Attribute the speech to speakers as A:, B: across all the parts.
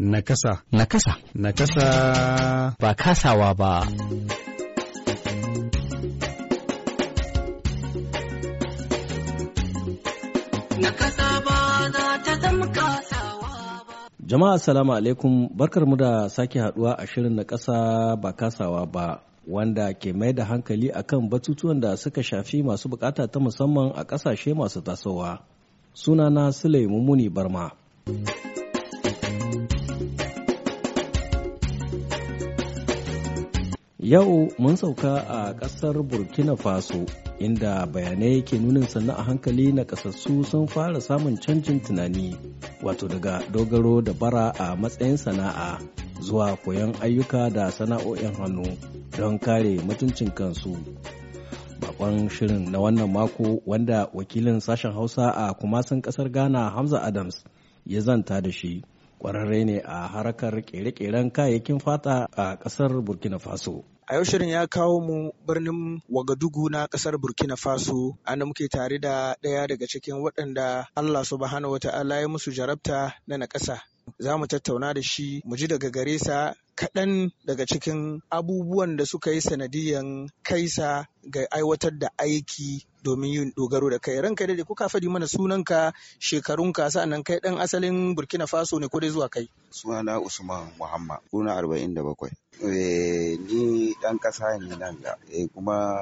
A: Nakasa. Nakasa. Nakasa. Ba kasawa ba.
B: Nakasa ba na ta zama kasawa ba. Jama'a salamu alaikum barkar mu da sake haduwa a shirin na kasa ba kasawa ba. Wanda ke mai da hankali akan batutuwan da suka shafi masu bukata ta musamman a ƙasashe masu tasowa. Sunana Sule Mumuni Barma. Yau mun sauka a ƙasar Burkina Faso inda bayanai ke nunin sannu a hankali na kasassu sun fara samun canjin tunani wato daga dogaro da bara a matsayin sana'a zuwa koyon ayyuka da sana'o'in hannu don kare mutuncin kansu. Bakon shirin na wannan mako wanda wakilin sashen Hausa a kumasin ƙasar Ghana Hamza Adams ya zanta da shi. kwararre ne a harkar kere-keren kayayyakin fata a ƙasar burkina faso
A: A yau shirin ya kawo mu birnin Wagadugu na kasar Burkina Faso, ana muke tare da ɗaya daga cikin waɗanda Allah subhanahu wa ta'ala ya musu jarabta na naƙasa. Za mu tattauna da shi, mu ji daga gare sa kaɗan daga cikin abubuwan da suka yi sanadiyan kaisa ga aiwatar da aiki domin yin dogaro da kai ranka dai ko ka faɗi mana sunanka shekarunka sa'annan kai dan asalin Burkina Faso ne ko dai zuwa kai sunana
C: Usman Muhammad kuna 47 eh, ni dan kasa ne nan ga eh, kuma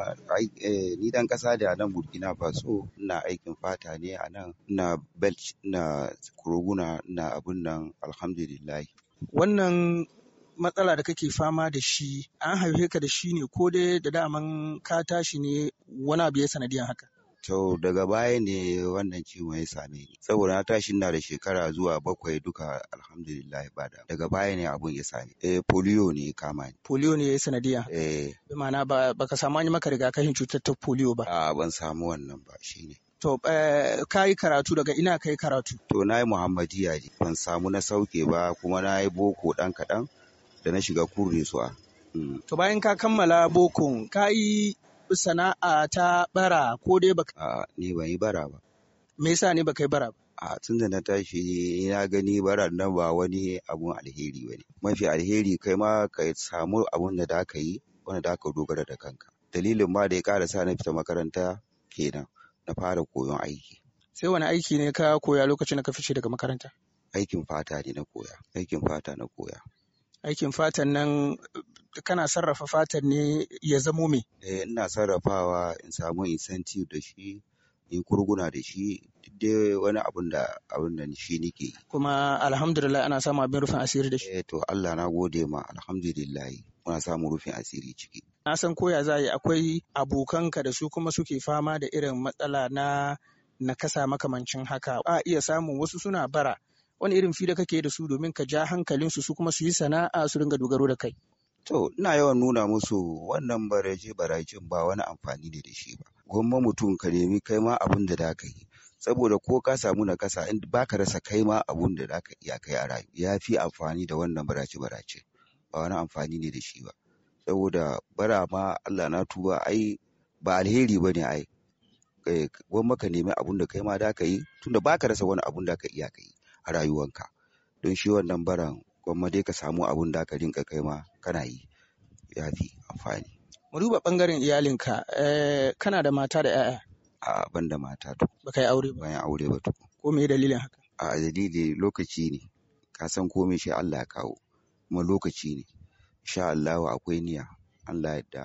C: eh, ni dan kasa da nan burkina faso na aikin fata ne a nan na belch na kuroguna na abun nan alhamdulillah
A: wannan matsala da kake fama da shi an haife ka da shi ne ko dai da daman ka tashi ne wani abu ya sanadiyan haka
C: to daga baya ne wannan ciwon ya same ni saboda na tashi na da shekara zuwa bakwai duka alhamdulillah ba da daga baya ne abun ya same eh polio ne kama ni
A: polio ne ya sanadiya eh bi ma'ana ba baka samu an yi maka rigakafin cutar ta polio ba a ban samu wannan ba shine To, uh, ka yi karatu daga ina ka yi karatu? To, na yi Muhammadiya ne, ban samu na sauke ba kuma
C: na yi boko ɗan kaɗan. da na shiga kurre su a. Mm.
A: To bayan ka kammala bokon ka yi sana'a ta bara ko dai baka. A ni ban yi bara ba. Me yasa ne baka yi bara ba?
C: a tun da na tashi na gani bara nan ba wani abun alheri ba ne mafi alheri kai ma ka samu abun da da ka yi wanda da ka dogara da kanka dalilin ma da ya ƙara sa na fita makaranta kenan na fara koyon aiki
A: sai wani aiki ne ka koya lokacin da ka fice daga makaranta
C: aikin fata ne na koya aikin fata na koya
A: aikin fatan nan kana sarrafa fatan ne ya zamo me
C: eh ina sarrafawa in samu incentive da shi in kurguna da shi dai wani abun da abun da shi nake
A: kuma alhamdulillah ana samu abin
C: rufin asiri da shi eh to Allah na gode ma alhamdulillah muna samun rufin asiri ciki
A: na san koya za yi akwai abokanka da su kuma suke fama da irin matsala na nakasa makamancin haka a iya samun wasu suna bara wani irin fida kake da su domin ka ja hankalin su kuma su yi sana'a su ringa dogaro da kai
C: To, ina yawan nuna musu wannan baraje barajin ba wani amfani ne da shi ba. Gwamma mutum ka nemi kai ma abin da da ka yi. Saboda ko ka samu na kasa in ba ka rasa kai ma abin da da ka iya kai a rayu. Ya fi amfani da wannan barace barace. Ba wani amfani ne da shi ba. Saboda bara ma Allah na tuba ai ba alheri ba ne ai. Eh, gwamma ka nemi abin da kai ma da ka yi tunda ba ka rasa wani abin da ka iya ka yi. a rayuwanka don shi wannan baran gwamma dai ka samu abun da ka rinka kai ma kana yi ya fi amfani.
A: Mu duba ɓangaren iyalinka eh, kana da mata da 'ya'ya.
C: A ban da mata to. Ba kai aure ba. Bayan aure ba to.
A: Ko me dalilin haka?
C: A dalili lokaci ne ka san komai shi Allah ya kawo kuma lokaci ne insha Allah akwai niyya Allah ya yarda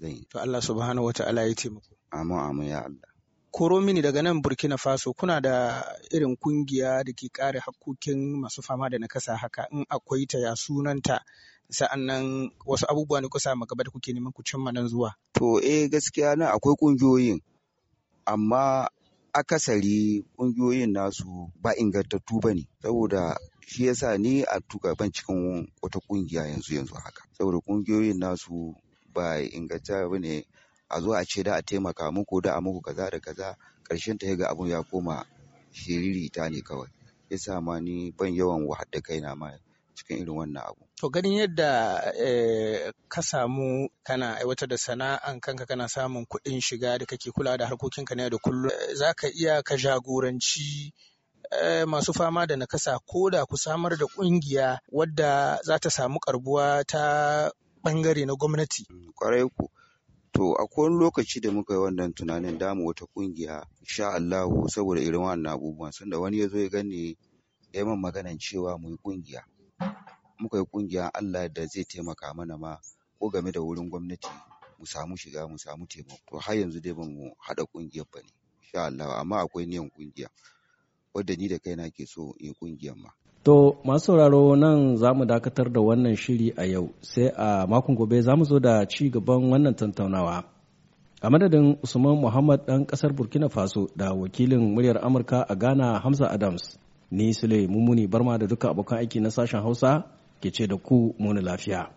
A: zan yi. To Allah subhanahu wa ta'ala ya taimako. Amin amin ya Allah. koro mini daga nan burkina faso kuna da irin kungiya da ke kare hakkokin masu fama da nakasa haka in akwai ta ya sunanta sa'annan wasu abubuwa ne kusa magaba da kuke neman ku cimma nan zuwa
C: to eh gaskiya nan akwai kungiyoyin amma akasari kungiyoyin nasu ba ingantattu ba ne saboda shi yasa ni a tuka ban cikin wata kungiya yanzu yanzu haka saboda kungiyoyin nasu ba ingantattu ba ne a zo a ce da a taimaka muku da a muku kaza da kaza karshen ta ga abun ya koma shiriri ta ne kawai yasa ma ni ban yawan wahadda kai kaina ma cikin irin wannan abu.
A: To ganin yadda eh, ka samu kana aiwatar da sana'an kanka kana samun kuɗin shiga da kake kula da ka na da kullum eh, za ka iya ka jagoranci eh, masu fama da nakasa ko da ku samar da ƙungiya wadda za ta samu karbuwa ta bangare na gwamnati.
C: Kwarai ku To akwai wani lokaci da muka yi wannan tunanin damu wata kungiya insha Allahu saboda irin wannan abubuwan sanda wani ya zo ya gani ya min maganan cewa mu yi ƙungiya. Muka yi ƙungiya Allah da zai taimaka mana ma ko game da wurin gwamnati mu samu shiga mu samu taimako. To har yanzu dai ba mu haɗa ƙungiyar ba ne insha amma akwai niyan kungiya wadda ni da kaina ke so in yi ma.
B: To masu sauraro nan za mu dakatar da wannan shiri a yau sai a makon gobe za mu zo da ci gaban wannan tattaunawa. A madadin Usman Muhammad ɗan ƙasar Burkina Faso da wakilin muryar Amurka a Ghana Hamza Adams, ni Sule Mumuni Barma da duka abokan aiki na sashen Hausa ke ce da ku muni lafiya.